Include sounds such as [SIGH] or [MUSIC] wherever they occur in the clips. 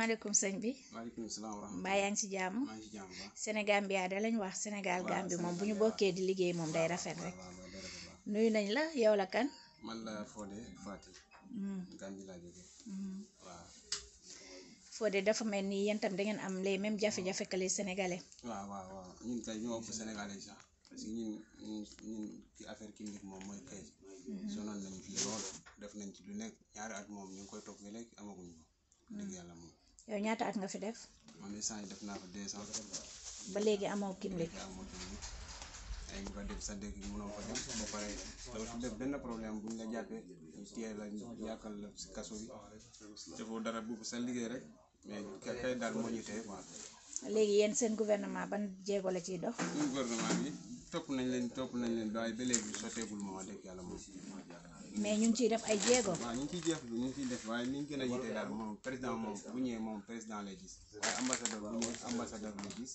salaamaaleykum sëñ bi. maaleykum salaam wa rahmatulah. mbaa yaa ngi ci jàmm. maa ngi ci jàmm Sénégal bi yaa lañ wax Sénégal Gambie moom bu ñu bokkee di liggéey moom day rafet rek. nuyu nañ la yow la kan. man la Fodé Fati. Mm. Gambie laa jógee. Mm-hmm. waaw. Fodé dafa mel ni yéen tam am les mêmes jafe-jafe que les sénégalais. waaw sax parce que ñun ñun ci affaire moom mooy kay. Mm-hmm. sonal nañ fi lool def nañ ci lu nekk ñaari at moom ñu ngi koy toog léegi amaguñ. yow ñaata at nga fi def. man instant yi def naa fa deux ans. ba léegi amoo kimlik. ay nga def sa dëkk mënoo ko def ba pare doo si def benn problème bu ñu la jàppee ñu téye la yàqal la si kaso bi defoo dara boobu sa liggéey rek mais kay daal moo ñu tey quoi. léegi yéen seen gouvernement ban jéego la ciy dox. suñu gouvernement bi topp nañ leen topp nañ leen waaye ba léegi sotteegul moom a dëkk yàlla moom. mais ñu ngi ciy def ay jéego. waaw ñu ngi ciy jéego ñu def waaye liñ gën a yite moom président moom bu ñëwee moom président lay gis waaye ambassadeur bu ñëwee ambassadeur lay gis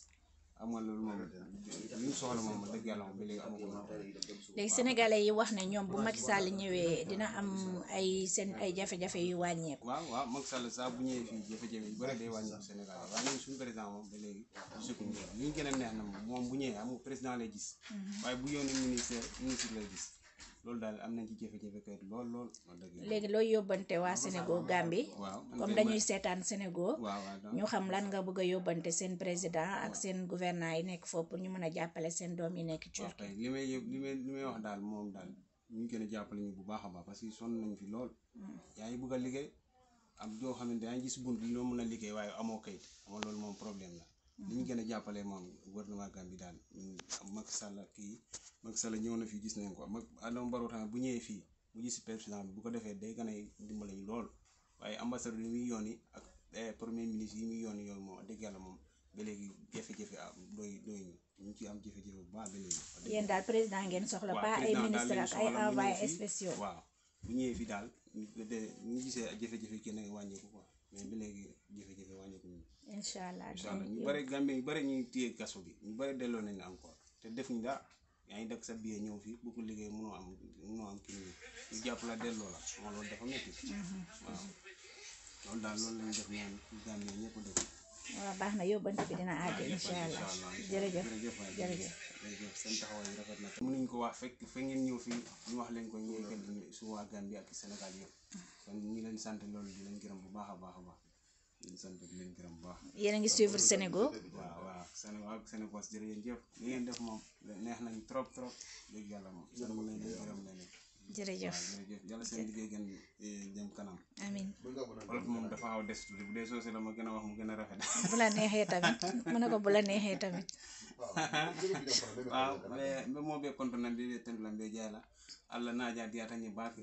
am nga loolu moom li mu soxla moom dëgg yàlla moom ba léegi amagu yi wax ne ñoom bu Macky Sall ñëwee dina am ay seen ay jafe-jafe yu wàññeeku. waaw waaw Macky Sall bu ñëwee fii jafe-jafe yu bëri day wàññeeku Sénégal waaye ñun suñu président a neex na moom bu ñëwee président lay gis. Mhm. ministère ministre lay gis. loolu daal am nañ ci jafe-jafe kër lool lool. léegi looy yóbbante waa Sénégal Gambie. waaw comme dañuy seetaan Sénégal. ñu xam lan nga bëgg a yóbbante seen président ak seen gouvernant yi nekk foofu pour ñu mën a jàppale seen doom yi nekk ci. ok li may li wax daal moom daal ñu ngi gën a jàppale ñu bu baax a baax parce que sonn nañ fi lool. Hmm. yaa ngi bëgg a liggéey am doo xamante yaa ngi gis bunt loo mën a liggéey waaye amoo kayit amoo loolu moom li ñu gën a jàppale moom gouvernement bi daal Macky Sall kii Macky Sall ñëw na fi gis nañ ko mag Adama Barrow tamit bu ñëwee fii mu gis président bu ko defee day gën a dimbale ñu lool waaye ambassadeur yi muy yoon yi ak eh, premier ministre yi muy yoon yooyu moom dëgg yàlla moom ba léegi jafe-jafe am ñu ñu ci am jafe bu baax ba léegi. yéen daal président ngeen soxla. pas ay ministre ak ay envoyé spéciaux waaw bu ñëwee fii daal ñu gisee wàññeeku quoi mais ba léegi incha allah incha allah ñu bëri Gambie ñu bëri ñuy téye kaso bi ñu bëri delloo nañ la encore te def ñu dara yaa ngi def sa biir ñëw fii bu ko liggéey mënoo am ñu jàpp la delloo la moom loolu dafa métti. Mm-hmm. waaw loolu daal loolu lañ def ñaan Gambie ñëpp def. waaw baax na yóbbante bi dina àgg incha allah jërëjëf jërëjëf jërëjëf seen taxawaay yi rafet na mënuñ ko wax fekk fa ngeen ñëw fii ñu wax leen ko ñu yëgal su waa Gambie ak Sénégal yëpp mm-hmm. ñu leen sant loolu di leen gërëm bu baax a baax a baax sant di leen gërëm baax. yéen a ngi suivre Sénégo. waaw waaw Sénégo ak Sénégo jërëjëf li ngeen def moom neex nañ trop trop dégg yàlla moom sant nañ leen gërëm nañ leen. jërëjëf jërëjëf yàlla seen liggéey gën eh, jëm kanam. amiin wolof moom dafa xaw des tuuti bu dee soose la ma gën a wax mu gën a rafet. [LAUGHS] bu la neexee tamit mu ne ko bu la neexee tamit. [LAUGHS] waaw mbe moo be kontonan mbe ɓe tendula mbe jeyla allah naja diyata ñe baake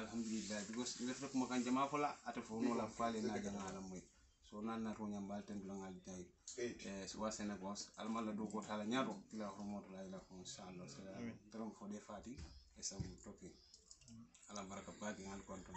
alhamdulillah because nde fotokuma kan jama fola ata fof nola faale naja maalam moy sonanna to ñambal tendulongal jayi e so wasena gos almalla dow goto haala ñaato ila hormoto la ila ko inchallah sala taram fo ɗe faati e sabu toppi baraka baake ngal konto